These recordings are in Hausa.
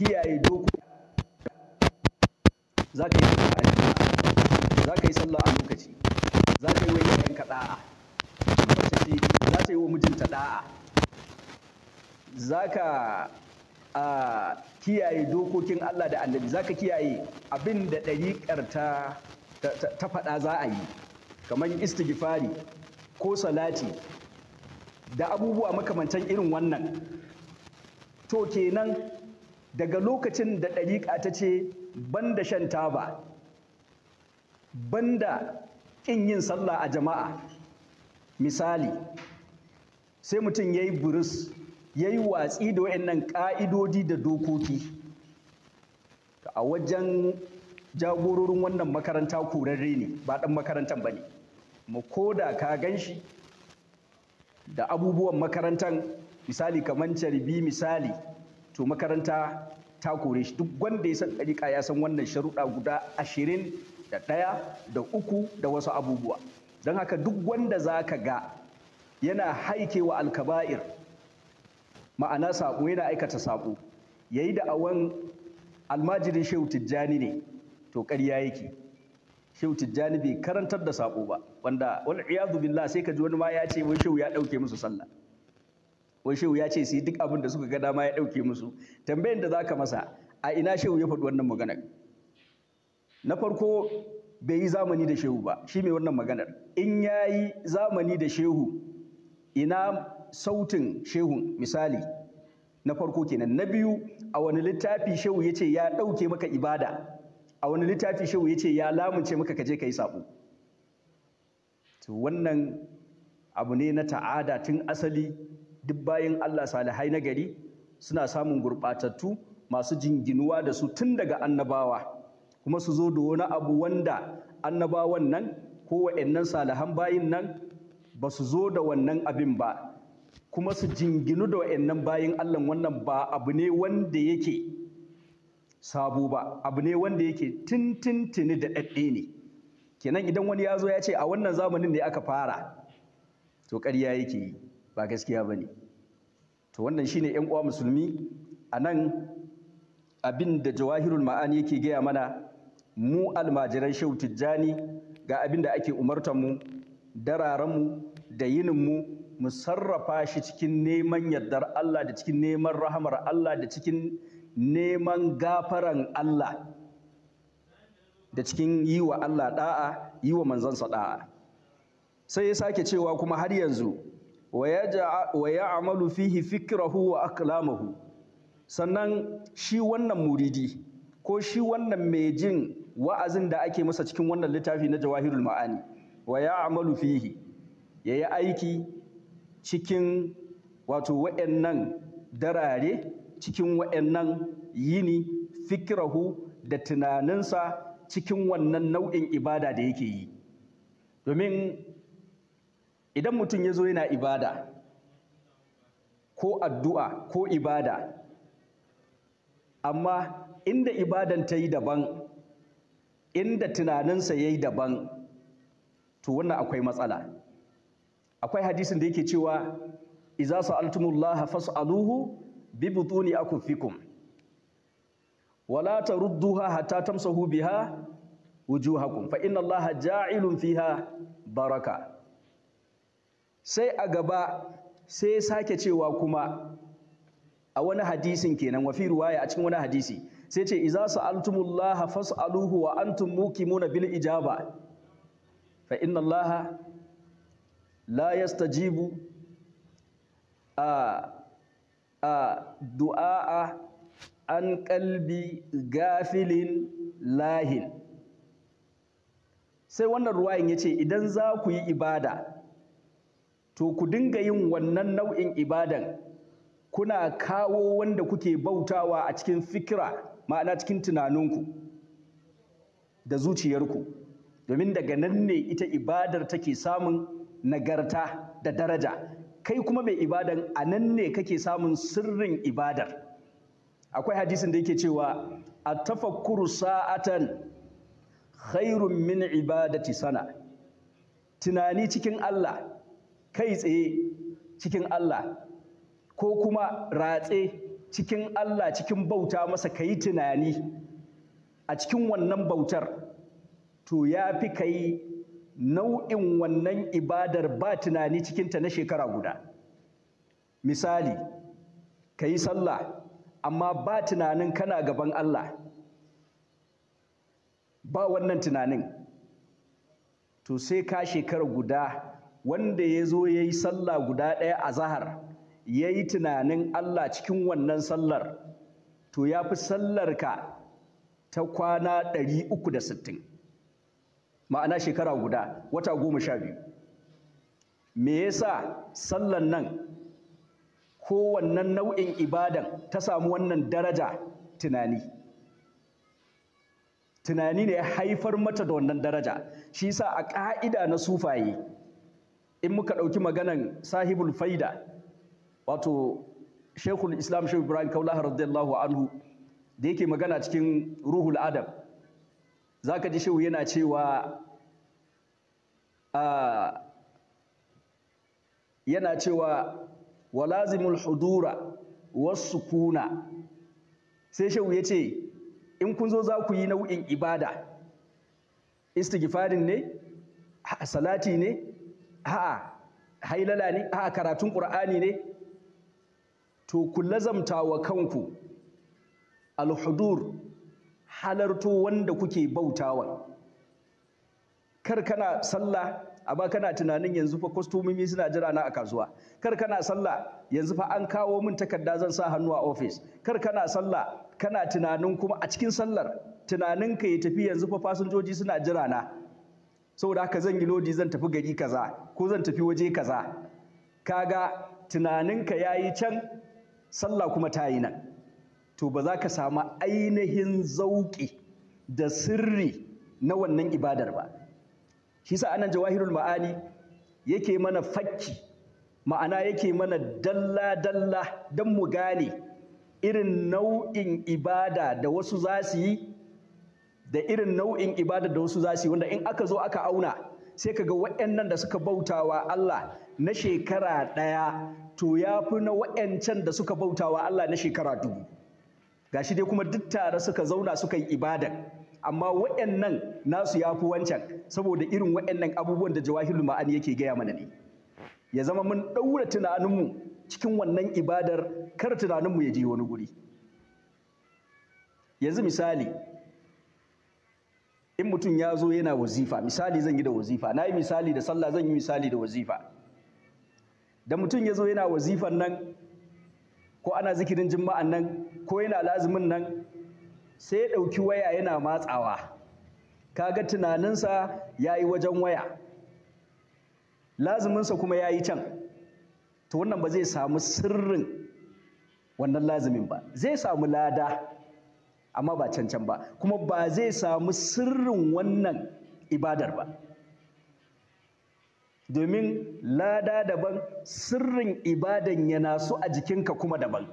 kiyaye dokoki za ka yi sallah a lokaci za ka yi wa yayanka da'a za ta yi wa mijinta da'a za ka kiyaye dokokin Allah da annabi za ka kiyaye abin da ɗariƙar ta faɗa za a yi kamar istighfari ko salati da abubuwa makamantan irin wannan to kenan daga lokacin da ɗariƙa ta ce banda shan taba banda ƙin yin sallah a jama'a misali sai mutum ya yi buris ya yi watsi da waɗannan ƙa'idodi da dokoki a wajen jagororin wannan makaranta korarre ne ba ɗan makarantar ba ne mu koda ka gan shi da abubuwan makarantar misali kamar carbi misali to makaranta ta kore shi duk wanda ya san ɗariƙa ya san wannan sharuɗa guda ashirin da ɗaya da uku da wasu abubuwa don haka duk wanda za ka ga yana haikewa alkaba'ir ma'ana saƙo yana aikata saƙo ya yi da'awan almajirin shehu tijjani ne to ƙarya yake shehu tijjani bai karantar da saƙo ba wanda wani iyadu billah sai ka ji wani ma ya ce wani shehu ya ɗauke musu sallah wai shehu ya ce su duk abin da suka ga dama ya ɗauke musu tambayan da za ka masa a ina shehu ya faɗi wannan maganar na farko bai yi zamani da shehu ba shi mai wannan maganar in ya yi zamani da shehu ina sautin Shehu misali na farko kenan na biyu a wani littafi shehu ya ce ya ɗauke maka ibada a wani littafi shehu ya ce ya lamunce maka kaje ka yi saɓo wannan abu ne na ta'ada tun asali duk bayan Allah salihai na gari suna samun gurɓatattu masu jinginuwa da su tun daga annabawa kuma su zo da wani abu wanda annabawan nan ko wa'annan salihan bayin nan ba su zo da wannan abin ba kuma su jinginu da wa'annan bayin Allah wannan ba abu ne wanda yake sabo ba abu ne wanda yake tintintini da ɗaɗɗe ne kenan idan wani ya zo ya ce a wannan zamanin ne aka fara to ƙarya yake yi ba gaskiya ba ne to wannan shine yan uwa musulmi a nan abin da jawahirul ma'ani yake gaya mana mu almajiran shehu tijjani ga abin da ake umartar mu mu, da yininmu mu sarrafa shi cikin neman yardar Allah da cikin neman rahamar Allah da cikin neman gafaran Allah da cikin yi wa Allah da'a yi wa manzansa da'a sai ya sake cewa kuma har yanzu wa amalu fihi fikrahu wa aklamahu sannan shi wannan muridi ko shi wannan mai jin wa'azin da ake masa cikin wannan littafi na jawahirul ma'ani wa amalu fihi yi aiki cikin wato darare cikin wa'annan yini fikrahu da tunaninsa cikin wannan nau'in ibada da yake yi domin idan mutum ya zo yana ibada ko addu'a ko ibada amma inda ibadan ta yi daban inda tunaninsa ya yi daban to wannan akwai matsala akwai hadisin da yake cewa iza sa'altumullaha fas'aluhu bi butuni akufikum wala tarudduha hatta tamsahu biha wujuhakum fa inna allaha ja'ilun fiha baraka sai a gaba sai sake cewa kuma a wani hadisin kenan wafi ruwaya a cikin wani hadisi sai ce iza sa'altumullaha fas'aluhu wa antum muqimuna bil ijaba fa inna allaha la yastajibu a a du'a an qalbi gafilin lahin sai wannan ruwayin yace idan za ku yi ibada to ku dinga yin wannan nau'in ibadan kuna kawo wanda kuke bautawa a cikin fikira ma'ana cikin tunaninku da zuciyarku domin daga nan ne ita ibadar take samun nagarta da daraja kai kuma mai ibadan a nan ne kake samun sirrin ibadar akwai hadisin da yake cewa a tafakkuru sa'atan khairun min ibadati sana tunani cikin Allah kai tsaye cikin Allah ko kuma ratse cikin Allah cikin bauta masa ka yi tunani a cikin wannan bautar to ya fi ka yi nau'in wannan ibadar ba tunani cikinta na shekara guda misali ka yi sallah amma ba tunanin kana gaban Allah ba wannan tunanin to sai ka shekara guda wanda ya zo ya yi sallah guda ɗaya a zahar ya yi tunanin Allah cikin wannan sallar to ya fi ka ta kwana 360 ma'ana shekara guda wata goma sha biyu me yasa sallar nan ko wannan nau'in ibadan ta samu wannan daraja tunani tunani ne ya haifar mata da wannan daraja shi sa a ƙa'ida na sufaye in muka ɗauki maganan sahibul faida wato shekul islam shekul ibrahim kaulaha radiyallahu anhu da yake magana cikin ruhul adam za ka ji shehu yana cewa yana cewa wa walazimul hudura wasu kuna sai shehu ya ce in kun zo za ku yi nau'in ibada istighfarin ne salati ne Ha'a, hailala ne a'a karatun Kur'ani ne to ku lazamta wa kanku alhudur halarto wanda kuke bautawa kar kana sallah amma kana tunanin yanzu fa kwastomomi suna jira na a kasuwa kar kana sallah yanzu fa an kawo min takarda zan sa hannu a ofis kar kana sallah kana tunanin kuma a cikin sallar tunanin ka ya tafi yanzu fa fasinjoji suna jira na saboda haka zan yi lodi zan tafi gari kaza ko zan tafi waje kaza kaga tunaninka ya yi can sallah kuma ta yi nan to ba za ka samu ainihin zauƙi da sirri na wannan ibadar ba shi sa anan jawahirul ma'ani yake mana fakki ma'ana yake mana dalla-dalla don mu gane irin nau'in ibada da wasu za su yi da irin nau'in ibada da wasu za su yi wanda in aka zo aka auna sai ka ga waɗannan da suka bautawa Allah na shekara ɗaya to ya fi na waɗancan da suka bautawa Allah na shekara dubu Ga shi dai kuma duk tare suka zauna suka yi ibada amma waɗannan nasu ya fi wancan saboda irin waɗannan abubuwan da jawahirul ma'ani yake gaya mana ne ya zama mun ɗaura tunaninmu cikin wannan ibadar kar tunaninmu ya je wani guri yanzu misali in mutum ya zo yana wazifa misali zan yi da wazifa na yi misali da sallah zan yi misali da wazifa da mutum ya zo yana wazifan nan ko ana zikirin jima'an nan ko yana lazimin nan sai ya ɗauki waya yana matsawa kaga tunaninsa ya yi wajen waya lazuminsa kuma ya yi can to wannan ba zai samu sirrin wannan lazumin ba zai samu lada amma ba cancan ba kuma ba zai samu sirrin wannan ibadar ba domin lada daban sirrin ibadan yana so a jikinka kuma daban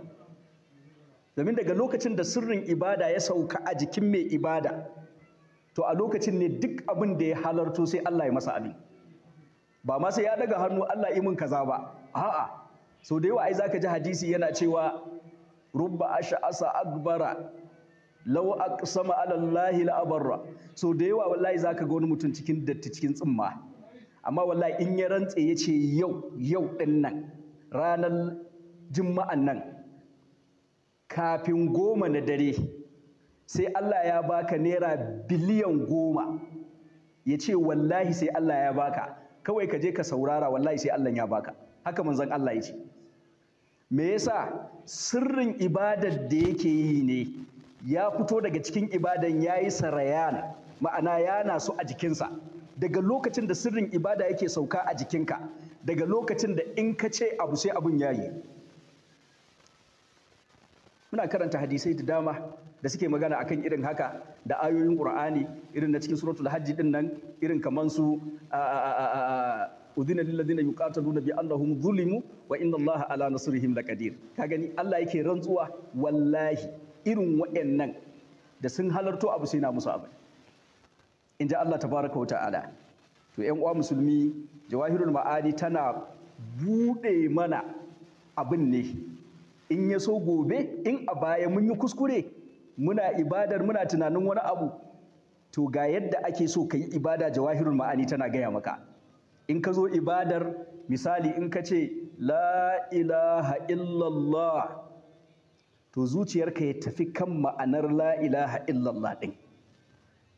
domin daga lokacin da sirrin ibada ya sauka a jikin mai ibada to a lokacin ne duk abin da ya halarto sai Allah ya masa abin ba ma sai ya daga hannu Allah imin kaza ba a'a so da yawa ai zaka ji hadisi yana cewa rubba Asha asa akbara Lau a sama allahi laabarra, so da yawa wallahi za ka ga wani mutum cikin datti cikin tsumma amma wallahi in ya rantse ya ce yau yau din nan ranar juma'an nan kafin goma na dare sai Allah ya baka naira biliyan goma ya ce wallahi sai Allah ya baka kawai ka je ka saurara wallahi sai Allah ya baka haka manzon Allah ya ce me yasa sirrin ibadar da yake yi ne ya fito daga cikin ibadan ya yi sarayan ma'ana yana so a jikinsa daga lokacin da sirrin ibada yake sauka a jikinka daga lokacin da in ka ce abu sai abun ya yi muna karanta hadisai da dama da suke magana akan irin haka da ayoyin qur'ani irin na cikin suratul hajji din nan irin kaman su udhina lil yuqataluna bi annahum zulimu wa inna allaha ala nasrihim laqadir ka gani Allah yake rantsuwa wallahi irin waɗannan da sun halarto abu sai na musu abu in ji Allah tabaraka wa ta'ala to yan uwa musulmi jawahirul ma'ani tana buɗe mana abin ne in ya so gobe in a baya mun yi kuskure muna ibadar muna tunanin wani abu to ga yadda ake so ka yi ibada jawahirul ma'ani tana gaya maka in ka zo ibadar misali in ka ce la ilaha illallah to zuciyarka ya tafi kan ma'anar la ilaha illallah din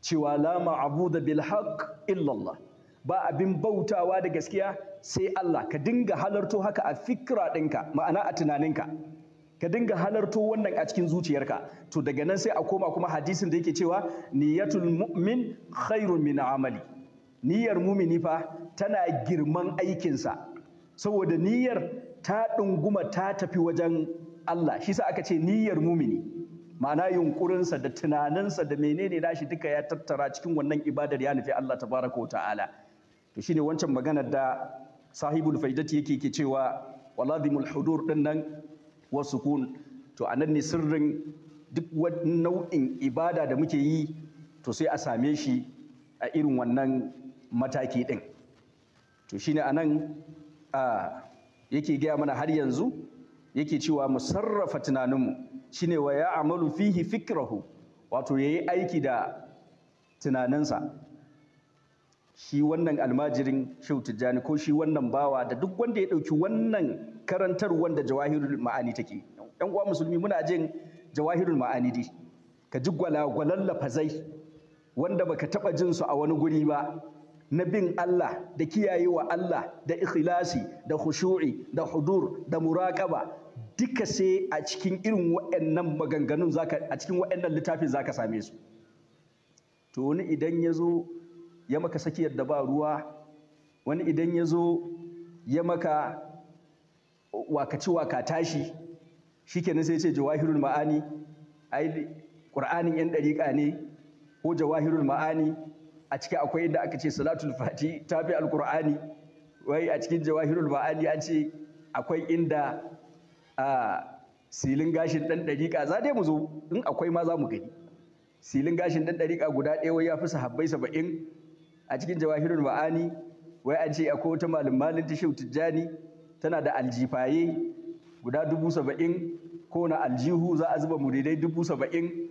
cewa la ma'abuda bil haqq illallah ba abin bautawa da gaskiya sai Allah ka dinga halarto haka a fikira ɗinka ma'ana a tunaninka ka dinga halarto wannan a cikin zuciyarka to daga nan sai a koma kuma hadisin da yake cewa niyyatul mu'min khairun min amali niyyar mumini fa tana girman aikinsa saboda niyyar ta ɗunguma ta tafi wajen Allah shi sa aka ce niyyar mumini ma'ana yunkurinsa da tunaninsa da menene nashi duka ya tattara cikin wannan ibadar ya nufi Allah tabaraka ta'ala to shine wancan maganar da sahibul faidati yake ke cewa waladimul hudur din nan wa sukun to anan ne sirrin duk wani nau'in ibada da muke yi to sai a same shi a irin wannan mataki din to shine anan a yake gaya mana har yanzu yake cewa mu sarrafa tunaninmu shine wa ya amalu fihi fikrahu wato yayi aiki da tunaninsa shi wannan almajirin Shehu Tijjani ko shi wannan bawa da duk wanda ya ɗauki wannan karantar wanda jawahirul ma'ani take yan uwa musulmi muna jin jawahirul ma'ani dai ka ji gwalagwalan lafazai wanda baka taɓa jin su a wani guri ba na bin Allah da kiyayewa Allah da ikhlasi da khushu'i da hudur da muraƙaba duka sai a cikin irin waɗannan maganganun a cikin waɗannan littafin zaka same su to wani idan ya zo ya maka sakiyar da ba ruwa wani idan ya zo ya maka wakaci waka tashi shikenan sai ce jawahirul ma'ani ai qur'anin yan dariƙa ne ko jawahirul ma'ani a ciki akwai inda aka ce salatul fati tafi alqur'ani wai a cikin jawahirul ma'ani an ce akwai inda a silin gashin ɗan ɗariƙa za dai mu zo in akwai ma za mu gani silin gashin ɗan ɗariƙa guda ɗaya wai ya fi sahabbai saba'in a cikin jawahirul ma'ani wai an ce akwai wata malin malin ta shehu tijjani tana da aljifaye guda dubu saba'in ko na aljihu za a zuba muridai dubu saba'in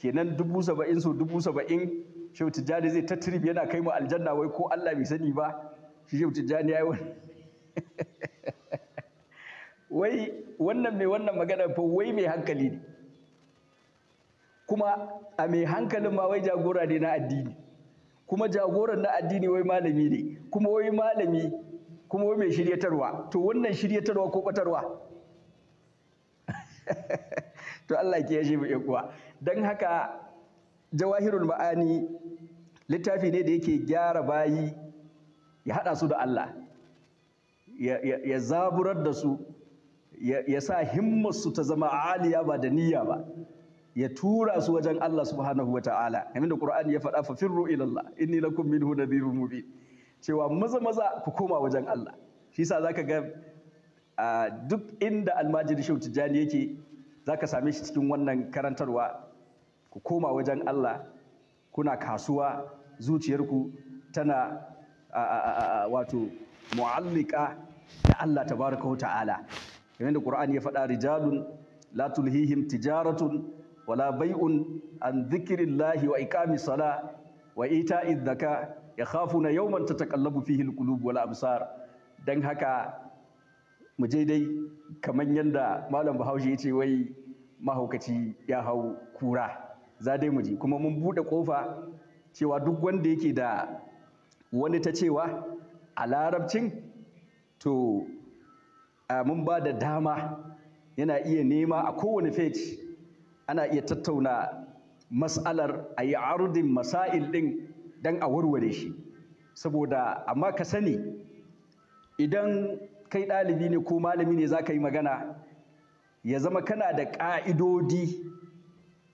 kenan dubu saba'in so dubu saba'in shehu tijjani zai ta yana kai mu aljanna wai ko allah bai sani ba shi shehu tijjani ya yi wani wai wannan mai wannan magana fa wai mai hankali ne kuma a mai hankalin ma wai jagora ne na addini kuma jagoran na addini wai malami ne kuma wai malami kuma wai mai shiryatarwa to wannan shiryatarwa ko batarwa to Allah ke yashe mu kuwa don haka jawahirul ma'ani littafi ne da yake gyara bayi ya haɗa su da Allah ya zaburar da su ya sa himmarsu ta zama aliya ba da niyya ba ya tura su wajen Allah subhanahu wa ta'ala kamar da Qur'ani ya faɗa fa firru ila Allah inni lakum minhu nadhirun mubin cewa maza maza ku koma wajen Allah shi yasa zaka ga duk inda almajiri Shehu Tijjani yake zaka same shi cikin wannan karantarwa ku koma wajen Allah kuna kasuwa zuciyarku tana wato mu'allika da Allah tabaraka wa ta'ala kamar da Qur'ani ya faɗa rijalun la tulhihim tijaratun wala bai'un an dhikrillahi wa iqamis sala wa ita'iz zaka yakhafuna yawman tatakallabu fihi alqulub wal absar dan haka mu je dai kamar yanda malam Bahaushe ya ce wai mahaukaci ya hau kura za dai mu je kuma mun buɗe ƙofa cewa duk wanda yake da wani ta cewa a larabcin to mun ba da dama yana iya nema a kowane feji ana iya tattauna mas'alar a yi arudin masail ɗin don a warware shi saboda amma ka sani idan kai ɗalibi ne ko malami ne za ka yi magana ya zama kana da ƙa'idodi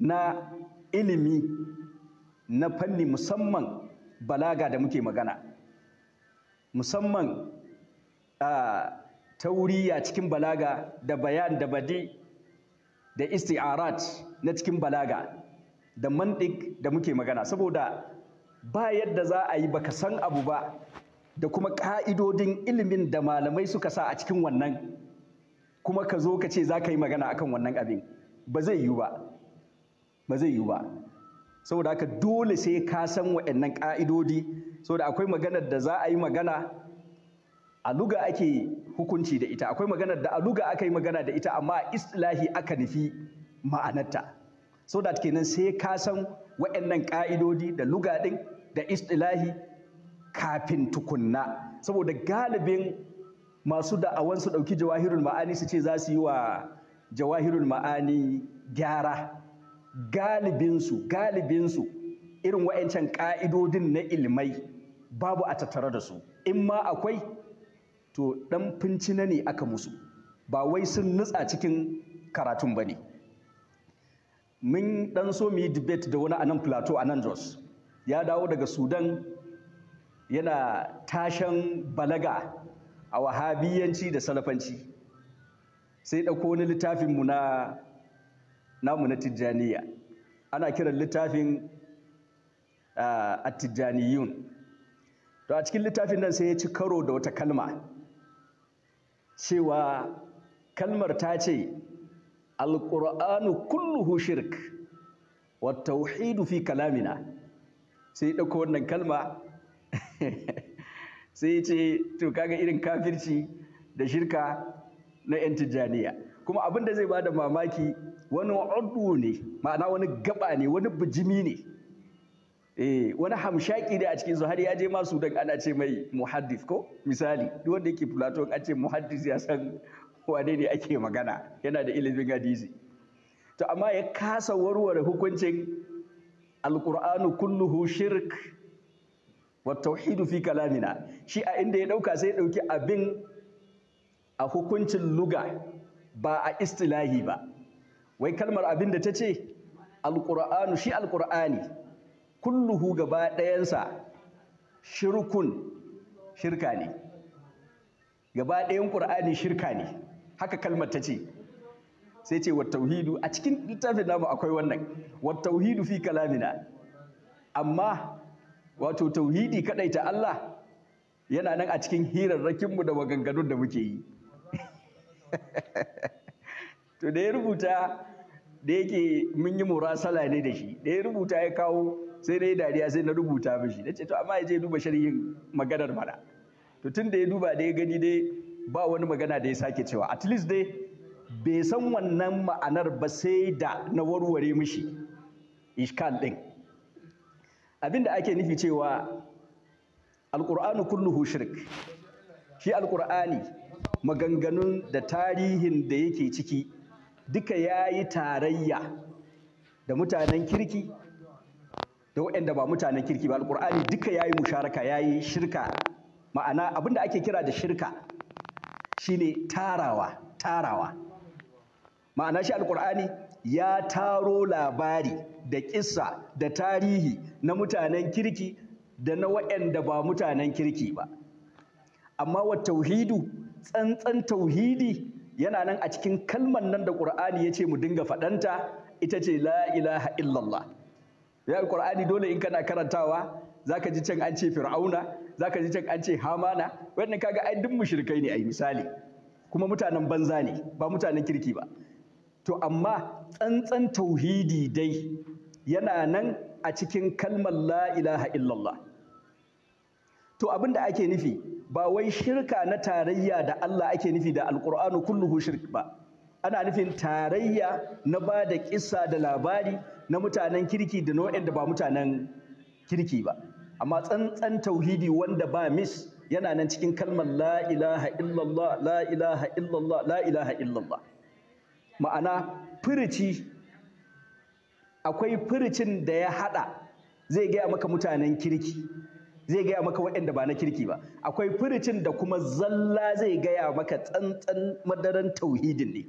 na ilimi na fanni musamman balaga da muke magana musamman uh, Tauriya a cikin balaga da bayan da badi da isti'arat na cikin balaga da mandik da muke magana saboda ba yadda za a yi baka san abu ba da kuma ka'idodin ilimin da malamai suka sa a cikin wannan kuma ka zo ka ce za ka yi magana akan wannan abin ba zai yiwu ba ba zai yiwu ba saboda haka dole sai ka san waɗannan ka'idodi saboda akwai maganar da za a yi magana a luga ake hukunci da ita akwai magana da a luga aka yi magana da ita amma a istilahi aka nufi ma'anarta so that kenan sai ka san wa'annan ka'idodi da luga din da istilahi kafin tukunna saboda galibin masu da'awan su ɗauki jawahirul ma'ani su ce za su yi wa jawahirul ma'ani gyara galibinsu galibinsu irin wa'ancan ka'idodin na ilmai babu a tattare da su in ma akwai to ɗan fincina ne aka musu ba wai sun nutsa cikin karatun ba ne mun ɗan so mu yi debate da wani anan plateau a nan jos ya dawo daga sudan yana tashan balaga a wahabiyanci da salafanci sai ɗauko wani littafinmu na namu na tijjaniya ana kiran littafin a ah, tijjaniyun to a cikin littafin nan sai ya ci karo da wata kalma cewa kalmar ta ce alƙur'anu kulluhu shirk wa tauhidu fi kalamina sai ɗauko wannan kalma sai ce to kaga irin kafirci da shirka na 'yan tijjaniya kuma abin da zai da mamaki wani oddu ne ma'ana wani gaba ne wani bijimi ne eh wani hamshaki da a cikin su har ya je masu dan ana ce mai muhaddis ko misali duk wanda yake Plato a ce muhaddis ya san wane ne ake magana yana da ilimin hadisi to amma ya kasa warware hukuncin alqur'anu kulluhu shirk wa tauhidu fi kalamina shi a inda ya dauka sai ya dauki abin a hukuncin luga ba a istilahi ba wai kalmar abin da ta ce alqur'anu shi alqur'ani kulluhu gaba ɗayansa shirkun shirka ne gaba ɗayan ƙur'ani shirka ne haka kalmar ta ce sai ce wa tauhidu a cikin littafin namu akwai wannan wa tauhidu fi kalamina amma wato tauhidi ta Allah yana nan a cikin hirarrakinmu da maganganun da muke yi to da ya rubuta da yake mun yi murasala ne da shi da ya rubuta ya kawo sai na yi dariya sai na rubuta mishi na ce to amma ya je duba sharhin maganar mana to tun da ya duba da ya gani dai ba wani magana da ya sake cewa at least dai bai san wannan ma'anar ba sai da na warware mishi ishkal din abin da ake nufi cewa alƙur'anu kulluhu shirk shi alƙur'ani maganganun da tarihin da yake ciki duka ya yi tarayya da mutanen kirki da waɗanda ba mutanen kirki ba alƙur'ani duka yayi musharaka yayi shirka ma'ana abin da ake kira da shirka shine tarawa tarawa ma'ana shi alƙur'ani ya taro labari da kissa da tarihi na mutanen kirki da na waɗanda ba mutanen kirki ba amma wa tauhidu tsantsan tauhidi yana nan a cikin kalman nan da ƙur'ani ya ce mu dinga faɗanta ita ce la ilaha illallah ya Alƙur'ani dole in kana karantawa zaka ji can an ce fir'auna zaka ji can an ce hamana wannan kaga ai duk mushrikai ne ai misali kuma mutanen banza ne ba mutanen kirki ba to amma tsantsan tauhidi dai yana nan a cikin kalmar la illallah to abin da ake nufi ba wai shirka na tarayya da Allah ake nufi da alqur'anu kulluhu shirk ba ana nufin tarayya na ba da kisa da labari na mutanen kirki da nau'in da ba mutanen kirki ba amma tsantsan tauhidi wanda ba mis yana nan cikin kalmar la ilaha illallah la ilaha illallah la ilaha illallah ma'ana firici akwai firicin da ya hada zai gaya maka mutanen kirki zai gaya maka waɗanda ba na kirki ba akwai firicin da kuma zalla zai gaya maka tsantsan madaran tauhidin ne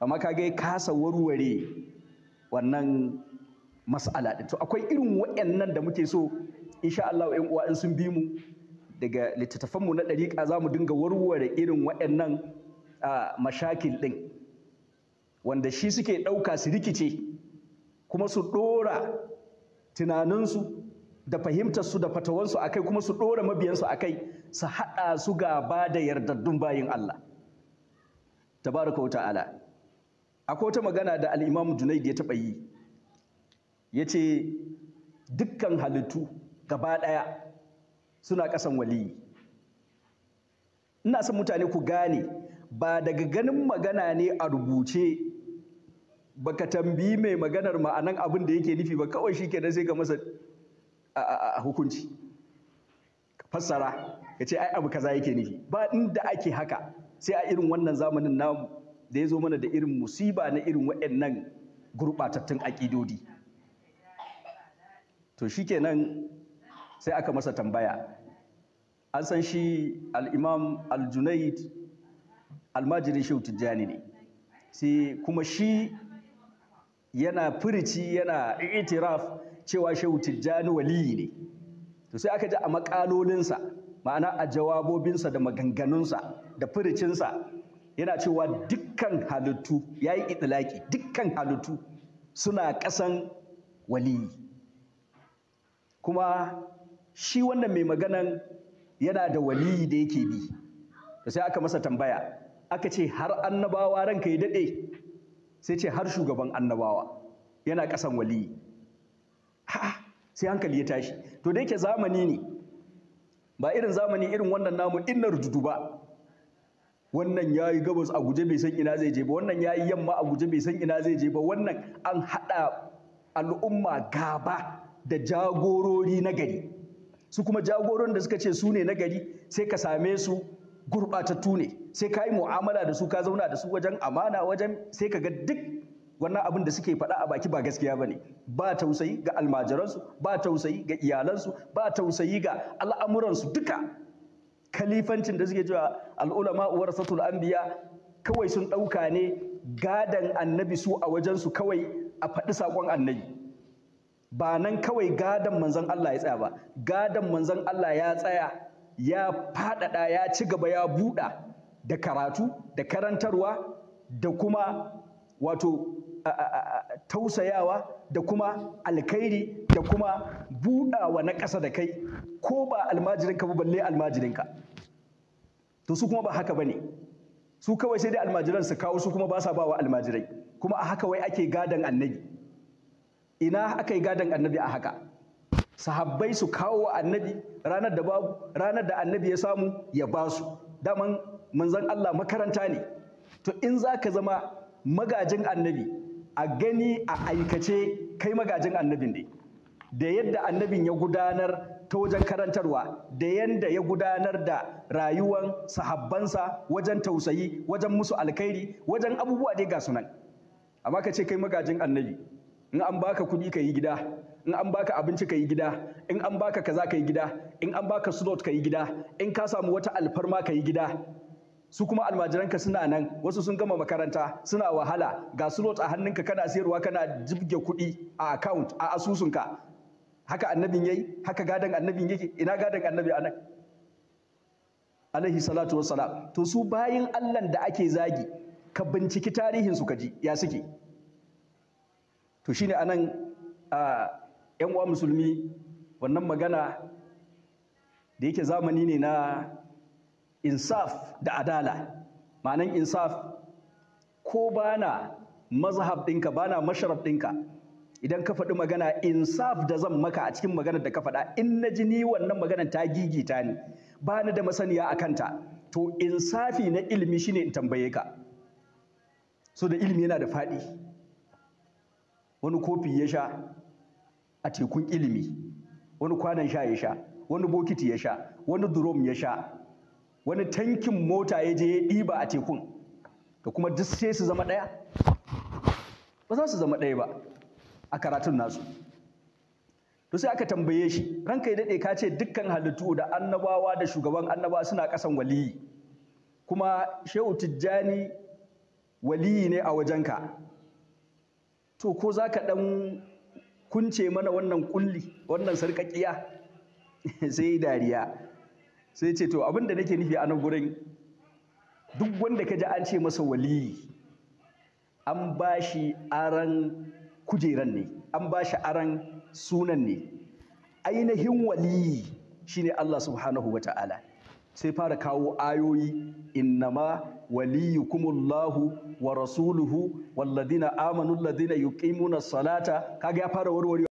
amma ga kasa warware wannan mas'ala din to akwai irin waɗannan da muke so insha Allah ƴan uwa in sun bi mu daga littattafan mu na ɗariƙa za mu dinga warware irin a mashakil ɗin wanda shi suke ɗauka su rikice kuma su ɗora tunaninsu da fahimtar su da fatawansu a kai kuma su ɗora mabiyansu a kai su haɗa su gaba da yardaddun bayin Allah tabaraka wa ta'ala akwai wata magana da al'imamu junaid ya taɓa yi ya ce dukkan halittu gaba ɗaya suna ƙasan waliyi ina son mutane ku gane ba daga ganin magana ne a rubuce Ba ka tambi mai maganar ma'anan abin da yake nufi ba kawai shi kenan sai ka masa a hukunci fassara ka ce ai abu kaza yake nufi ba inda ake haka sai a irin wannan zamanin namu da ya zo mana da irin musiba na irin waɗannan gurɓatattun aƙidodi to shi nan sai aka masa tambaya an san shi al'imam al-junaid almajirin shehu tijjani ne sai kuma shi yana firici yana itiraf cewa shehu tijjani waliyi ne to sai aka ji a maƙalolinsa, ma'ana a jawabobinsa da maganganunsa da firicinsa yana cewa dukkan halittu ya yi itilaki dukkan halittu suna kasan waliyi kuma shi wannan mai maganan yana da waliyi da yake bi da sai aka masa tambaya aka ce har annabawa ranka ya daɗe sai ce har shugaban annabawa yana kasan waliyi ha sai hankali ya tashi to da yake zamani ne ba irin zamani irin wannan namu inna rududu ba wannan ya yi gabas a guje bai san ina zai je ba wannan ya yi yamma a guje bai san ina zai je ba wannan an haɗa al'umma gaba da jagorori na gari su kuma jagoron da suka ce su ne na gari sai ka same su gurɓatattu ne sai ka yi mu'amala da su ka zauna da su wajen amana wajen sai ka ga duk wannan abin da suke faɗa a baki ba gaskiya ba ne ba tausayi ga almajiransu ba tausayi ga iyalansu ba tausayi ga al'amuransu duka kalifancin da suke cewa al'ulama satul anbiya kawai sun ɗauka ne gadan annabi su a wajensu kawai a faɗi saƙon annabi ba nan kawai gadan manzon Allah ya tsaya ba gadan manzon Allah ya tsaya ya faɗaɗa ya ci gaba ya buɗa da karatu da karantarwa da kuma wato tausayawa da kuma alkhairi da kuma buɗawa na ƙasa da kai ko ba almajirinka ba balle almajirinka to su kuma ba haka bane su kawai sai dai almajiran su kawo su kuma ba sa bawa almajirai kuma a haka wai ake gadan annabi ina aka yi gadan annabi a haka sahabbai su kawo wa annabi ranar da babu ranar da annabi ya samu ya ba su daman manzon Allah makaranta ne to in za ka zama magajin annabi a gani a aikace kai magajin annabin ne da yadda annabin ya gudanar ta wajen karantarwa da yanda ya gudanar da rayuwan sahabbansa wajen tausayi wajen musu alkhairi wajen abubuwa dai ga nan amma ka ce kai magajin annabi in an baka kuɗi ka yi gida in an baka abinci ka yi gida in an baka kaza ka yi gida in an baka slot ka yi gida in ka samu wata alfarma ka yi gida su kuma almajiranka suna nan wasu sun gama makaranta suna wahala ga slot a hannunka kana sayarwa kana jibge kuɗi a account a asusunka haka annabin yayi haka gadan annabin yake ina gadan annabi anan alaihi salatu wassalam to su bayin Allah da ake zagi ka binciki tarihin su kaji ya suke to shine anan yan uwa musulmi wannan magana da yake zamani ne na insaf da adala ma'anan insaf ko bana mazhab ɗinka bana masharab ɗinka idan ka faɗi magana insaf da zan maka a cikin maganar da ka faɗa in na ji ni wannan maganar ta gigita ni ba ni da masaniya a kanta to insafi na ilimi shine in tambaye ka so da ilimi yana da faɗi wani kofi ya sha a tekun ilimi wani kwanan sha ya sha wani bokiti ya sha wani durom ya sha wani tankin mota ya je ya ɗiba a tekun da kuma duk sai su zama ɗaya ba za su zama ɗaya ba a karatun nasu to sai aka tambaye shi ranka ya daɗe ka ce dukkan halittu da annabawa da shugaban Annaba suna kasan waliyi kuma shehu tijjani waliyi ne a wajenka to ko za ka ɗan kunce mana wannan kulli wannan sarƙaƙiya sai dariya sai ce to abin da nake nufi a nan gurin duk wanda ka ji an ce masa waliyi an ba shi aran kujeran ne an ba shi aran sunan ne ainihin waliyi shine Allah subhanahu wata'ala sai fara kawo ayoyi innama waliyukumullahu wa rasuluhu ladina amanu alladina yuqimuna salata kaga ya fara warware